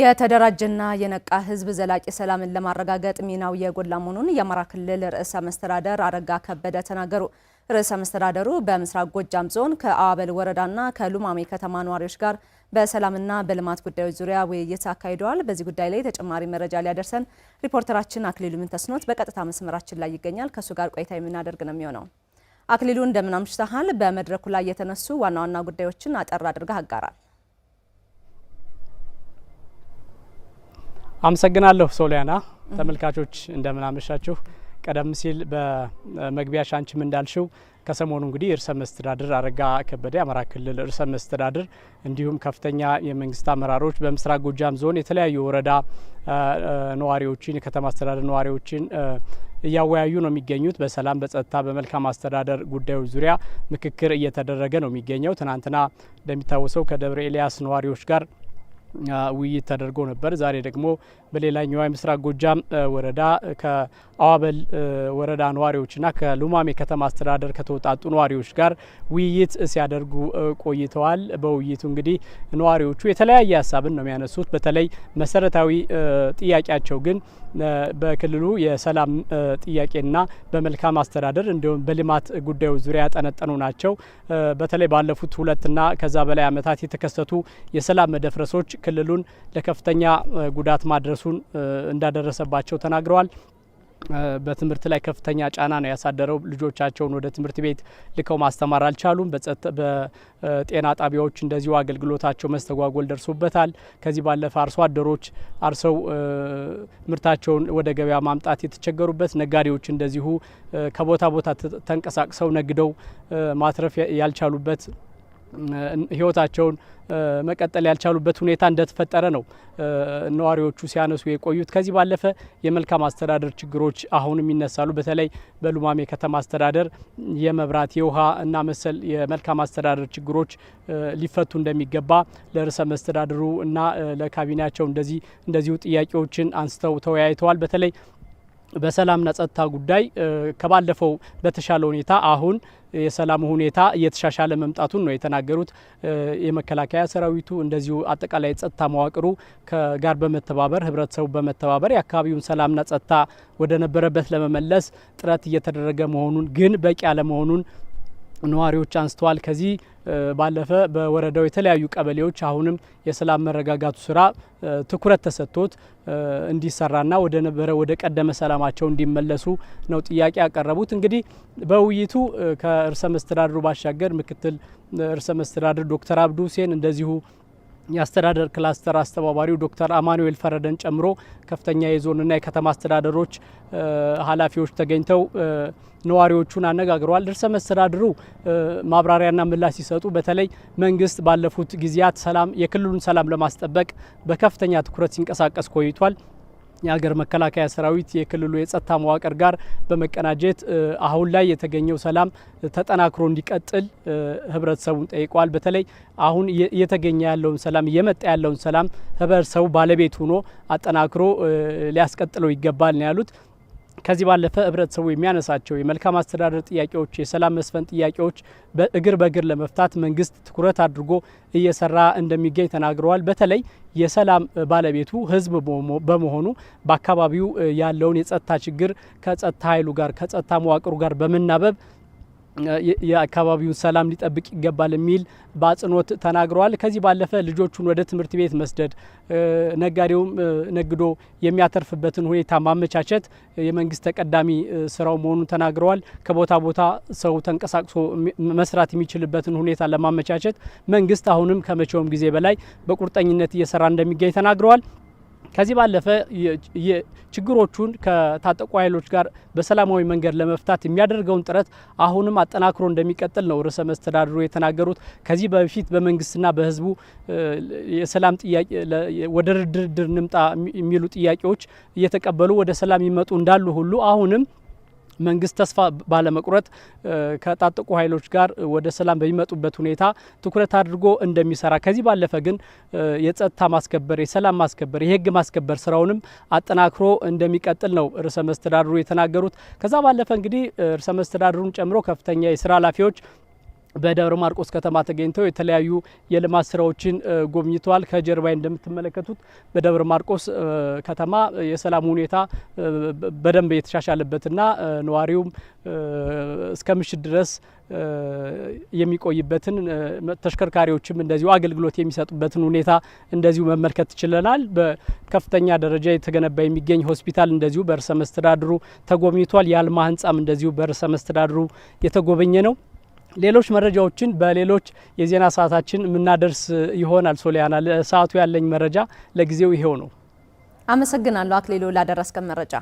የተደራጀና የነቃ ህዝብ ዘላቂ ሰላምን ለማረጋገጥ ሚናው የጎላ መሆኑን የአማራ ክልል ርዕሰ መስተዳደር አረጋ ከበደ ተናገሩ። ርዕሰ መስተዳደሩ በምስራቅ ጎጃም ዞን ከአዋበል ወረዳና ከሉማሜ ከተማ ነዋሪዎች ጋር በሰላምና በልማት ጉዳዮች ዙሪያ ውይይት አካሂደዋል። በዚህ ጉዳይ ላይ ተጨማሪ መረጃ ሊያደርሰን ሪፖርተራችን አክሊሉ ምንተስኖት በቀጥታ መስመራችን ላይ ይገኛል። ከእሱ ጋር ቆይታ የምናደርግ ነው የሚሆነው። አክሊሉ እንደምን አምሽተሃል? በመድረኩ ላይ የተነሱ ዋና ዋና ጉዳዮችን አጠር አድርገህ አጋራል። አመሰግናለሁ ሶሊያና። ተመልካቾች እንደምናመሻችሁ። ቀደም ሲል በመግቢያሽ አንቺም እንዳልሽው ከሰሞኑ እንግዲህ ርዕሰ መስተዳድር አረጋ ከበደ የአማራ ክልል ርዕሰ መስተዳድር እንዲሁም ከፍተኛ የመንግስት አመራሮች በምስራቅ ጎጃም ዞን የተለያዩ ወረዳ ነዋሪዎችን፣ የከተማ አስተዳደር ነዋሪዎችን እያወያዩ ነው የሚገኙት። በሰላም በጸጥታ በመልካም አስተዳደር ጉዳዮች ዙሪያ ምክክር እየተደረገ ነው የሚገኘው። ትናንትና እንደሚታወሰው ከደብረ ኤልያስ ነዋሪዎች ጋር ውይይት ተደርጎ ነበር። ዛሬ ደግሞ በሌላኛዋ የምስራቅ ጎጃም ወረዳ አዋበል ወረዳ ነዋሪዎችና ከሉማሜ ከተማ አስተዳደር ከተውጣጡ ነዋሪዎች ጋር ውይይት ሲያደርጉ ቆይተዋል። በውይይቱ እንግዲህ ነዋሪዎቹ የተለያየ ሀሳብን ነው የሚያነሱት። በተለይ መሰረታዊ ጥያቄያቸው ግን በክልሉ የሰላም ጥያቄና በመልካም አስተዳደር እንዲሁም በልማት ጉዳዮች ዙሪያ ያጠነጠኑ ናቸው። በተለይ ባለፉት ሁለትና ከዛ በላይ ዓመታት የተከሰቱ የሰላም መደፍረሶች ክልሉን ለከፍተኛ ጉዳት ማድረሱን እንዳደረሰባቸው ተናግረዋል። በትምህርት ላይ ከፍተኛ ጫና ነው ያሳደረው። ልጆቻቸውን ወደ ትምህርት ቤት ልከው ማስተማር አልቻሉም። በጤና ጣቢያዎች እንደዚሁ አገልግሎታቸው መስተጓጎል ደርሶበታል። ከዚህ ባለፈ አርሶ አደሮች አርሰው ምርታቸውን ወደ ገበያ ማምጣት የተቸገሩበት፣ ነጋዴዎች እንደዚሁ ከቦታ ቦታ ተንቀሳቅሰው ነግደው ማትረፍ ያልቻሉበት ህይወታቸውን መቀጠል ያልቻሉበት ሁኔታ እንደተፈጠረ ነው ነዋሪዎቹ ሲያነሱ የቆዩት። ከዚህ ባለፈ የመልካም አስተዳደር ችግሮች አሁንም ይነሳሉ። በተለይ በሉማሜ ከተማ አስተዳደር የመብራት የውሃ እና መሰል የመልካም አስተዳደር ችግሮች ሊፈቱ እንደሚገባ ለርዕሰ መስተዳድሩ እና ለካቢኔያቸው እንደዚህ እንደዚሁ ጥያቄዎችን አንስተው ተወያይተዋል። በተለይ በሰላምና ጸጥታ ጉዳይ ከባለፈው በተሻለ ሁኔታ አሁን የሰላሙ ሁኔታ እየተሻሻለ መምጣቱን ነው የተናገሩት። የመከላከያ ሰራዊቱ እንደዚሁ አጠቃላይ ጸጥታ መዋቅሩ ጋር በመተባበር ህብረተሰቡ በመተባበር የአካባቢውን ሰላምና ጸጥታ ወደ ነበረበት ለመመለስ ጥረት እየተደረገ መሆኑን ግን በቂ ያለመሆኑን ነዋሪዎች አንስተዋል። ከዚህ ባለፈ በወረዳው የተለያዩ ቀበሌዎች አሁንም የሰላም መረጋጋቱ ስራ ትኩረት ተሰጥቶት እንዲሰራና ወደ ነበረ ወደ ቀደመ ሰላማቸው እንዲመለሱ ነው ጥያቄ ያቀረቡት። እንግዲህ በውይይቱ ከርዕሰ መስተዳድሩ ባሻገር ምክትል ርዕሰ መስተዳድር ዶክተር አብዱ ሁሴን እንደዚሁ የአስተዳደር ክላስተር አስተባባሪው ዶክተር አማኑኤል ፈረደን ጨምሮ ከፍተኛ የዞንና የከተማ አስተዳደሮች ኃላፊዎች ተገኝተው ነዋሪዎቹን አነጋግረዋል። ርዕሰ መስተዳድሩ ማብራሪያና ምላሽ ሲሰጡ በተለይ መንግስት ባለፉት ጊዜያት ሰላም የክልሉን ሰላም ለማስጠበቅ በከፍተኛ ትኩረት ሲንቀሳቀስ ቆይቷል። የሀገር መከላከያ ሰራዊት የክልሉ የጸጥታ መዋቅር ጋር በመቀናጀት አሁን ላይ የተገኘው ሰላም ተጠናክሮ እንዲቀጥል ህብረተሰቡን ጠይቋል። በተለይ አሁን እየተገኘ ያለውን ሰላም እየመጣ ያለውን ሰላም ህብረተሰቡ ባለቤት ሆኖ አጠናክሮ ሊያስቀጥለው ይገባል ነው ያሉት። ከዚህ ባለፈ ህብረተሰቡ የሚያነሳቸው የመልካም አስተዳደር ጥያቄዎች፣ የሰላም መስፈን ጥያቄዎች በእግር በእግር ለመፍታት መንግስት ትኩረት አድርጎ እየሰራ እንደሚገኝ ተናግረዋል። በተለይ የሰላም ባለቤቱ ህዝብ በመሆኑ በአካባቢው ያለውን የጸጥታ ችግር ከጸጥታ ኃይሉ ጋር ከጸጥታ መዋቅሩ ጋር በመናበብ የአካባቢውን ሰላም ሊጠብቅ ይገባል የሚል በአጽንኦት ተናግረዋል። ከዚህ ባለፈ ልጆቹን ወደ ትምህርት ቤት መስደድ፣ ነጋዴውም ነግዶ የሚያተርፍበትን ሁኔታ ማመቻቸት የመንግስት ተቀዳሚ ስራው መሆኑን ተናግረዋል። ከቦታ ቦታ ሰው ተንቀሳቅሶ መስራት የሚችልበትን ሁኔታ ለማመቻቸት መንግስት አሁንም ከመቼውም ጊዜ በላይ በቁርጠኝነት እየሰራ እንደሚገኝ ተናግረዋል። ከዚህ ባለፈ ችግሮቹን ከታጠቁ ኃይሎች ጋር በሰላማዊ መንገድ ለመፍታት የሚያደርገውን ጥረት አሁንም አጠናክሮ እንደሚቀጥል ነው ርዕሰ መስተዳድሩ የተናገሩት። ከዚህ በፊት በመንግስትና በህዝቡ የሰላም ጥያቄ ወደ ድርድር ንምጣ የሚሉ ጥያቄዎች እየተቀበሉ ወደ ሰላም ይመጡ እንዳሉ ሁሉ አሁንም መንግስት ተስፋ ባለመቁረጥ ከታጠቁ ኃይሎች ጋር ወደ ሰላም በሚመጡበት ሁኔታ ትኩረት አድርጎ እንደሚሰራ ከዚህ ባለፈ ግን የጸጥታ ማስከበር፣ የሰላም ማስከበር፣ የህግ ማስከበር ስራውንም አጠናክሮ እንደሚቀጥል ነው ርዕሰ መስተዳድሩ የተናገሩት። ከዛ ባለፈ እንግዲህ ርዕሰ መስተዳድሩን ጨምሮ ከፍተኛ የስራ ኃላፊዎች በደብረ ማርቆስ ከተማ ተገኝተው የተለያዩ የልማት ስራዎችን ጎብኝተዋል። ከጀርባይ እንደምትመለከቱት በደብረ ማርቆስ ከተማ የሰላም ሁኔታ በደንብ የተሻሻለበትና ነዋሪውም እስከ ምሽት ድረስ የሚቆይበትን ተሽከርካሪዎችም እንደዚሁ አገልግሎት የሚሰጡበትን ሁኔታ እንደዚሁ መመልከት ችለናል። በከፍተኛ ደረጃ የተገነባ የሚገኝ ሆስፒታል እንደዚሁ በርዕሰ መስተዳድሩ ተጎብኝቷል። የአልማ ህንጻም እንደዚሁ በርዕሰ መስተዳድሩ የተጎበኘ ነው። ሌሎች መረጃዎችን በሌሎች የዜና ሰዓታችን የምናደርስ ይሆናል። ሶሊያና፣ ለሰዓቱ ያለኝ መረጃ ለጊዜው ይሄው ነው። አመሰግናለሁ አክሊሉ ላደረስከን መረጃ።